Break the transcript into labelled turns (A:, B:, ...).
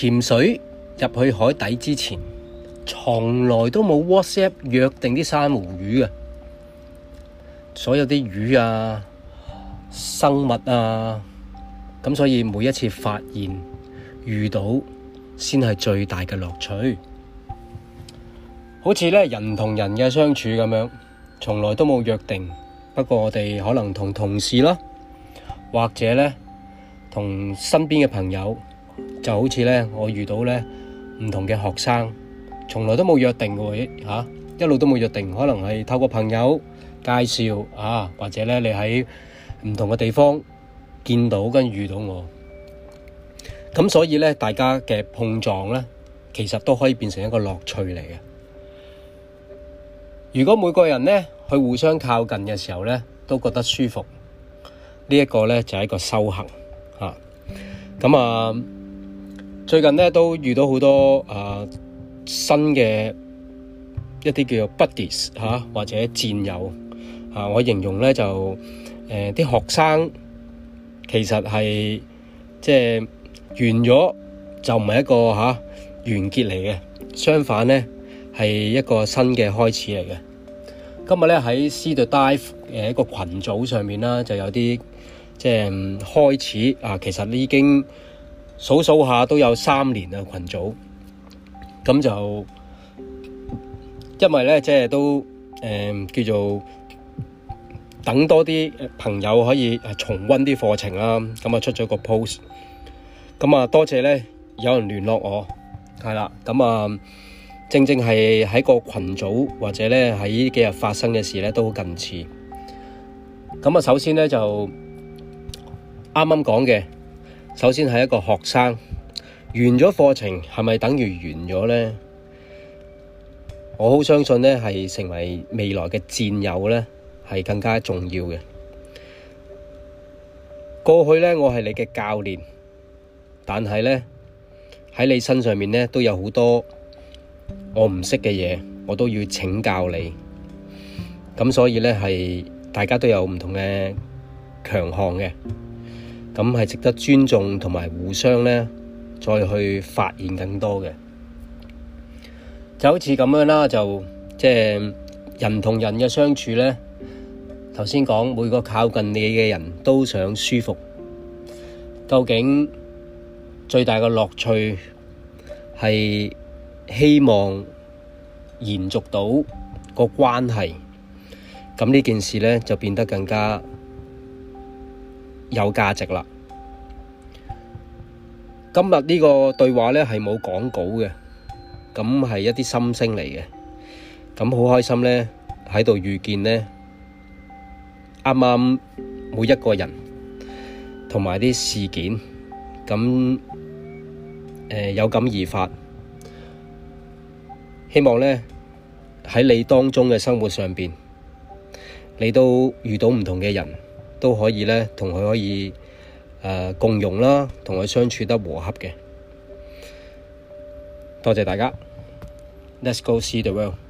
A: 潛水入去海底之前，從來都冇 WhatsApp 約定啲珊瑚魚嘅，所有啲魚啊、生物啊，咁所以每一次發現遇到，先係最大嘅樂趣。好似咧人同人嘅相處咁樣，從來都冇約定，不過我哋可能同同事啦，或者咧同身邊嘅朋友。就好似呢，我遇到呢唔同嘅學生，從來都冇約定過啊，一路都冇約定。可能係透過朋友介紹啊，或者呢你喺唔同嘅地方見到，跟遇到我咁，所以呢，大家嘅碰撞呢，其實都可以變成一個樂趣嚟嘅。如果每個人呢，去互相靠近嘅時候呢，都覺得舒服，呢一個呢，就係一個修行啊。咁啊～最近咧都遇到好多啊，新嘅一啲叫做 Buddies 嚇、啊、或者戰友啊，我形容咧就誒啲、啊、學生其實係即係完咗就唔係一個吓、啊、完結嚟嘅，相反咧係一個新嘅開始嚟嘅。今日咧喺 C to Dive 誒一個群組上面啦，就有啲即係開始啊，其實已經。數數下都有三年啊，群組，咁就因為咧，即係都誒、呃、叫做等多啲朋友可以重温啲課程啦。咁啊出咗個 post，咁啊多謝咧有人聯絡我，係啦。咁啊正正係喺個群組或者咧喺呢幾日發生嘅事咧都好近似。咁啊首先咧就啱啱講嘅。剛剛首先係一個學生，完咗課程係咪等於完咗呢？我好相信呢係成為未來嘅戰友呢係更加重要嘅。過去呢，我係你嘅教練，但係呢，喺你身上面呢都有好多我唔識嘅嘢，我都要請教你。咁所以呢，係大家都有唔同嘅強項嘅。咁係值得尊重同埋互相呢，再去發現更多嘅。就好似咁樣啦，就即係人同人嘅相處呢，頭先講每個靠近你嘅人都想舒服，究竟最大嘅樂趣係希望延續到個關係，咁呢件事呢，就變得更加有價值啦！今日呢個對話呢，係冇講稿嘅，咁係一啲心聲嚟嘅。咁好開心呢，喺度遇見呢啱啱每一個人同埋啲事件，咁誒、呃、有感而發。希望呢，喺你當中嘅生活上邊，你都遇到唔同嘅人。都可以呢，同佢可以、呃、共用啦，同佢相處得和洽嘅。多謝大家，Let's go see the world。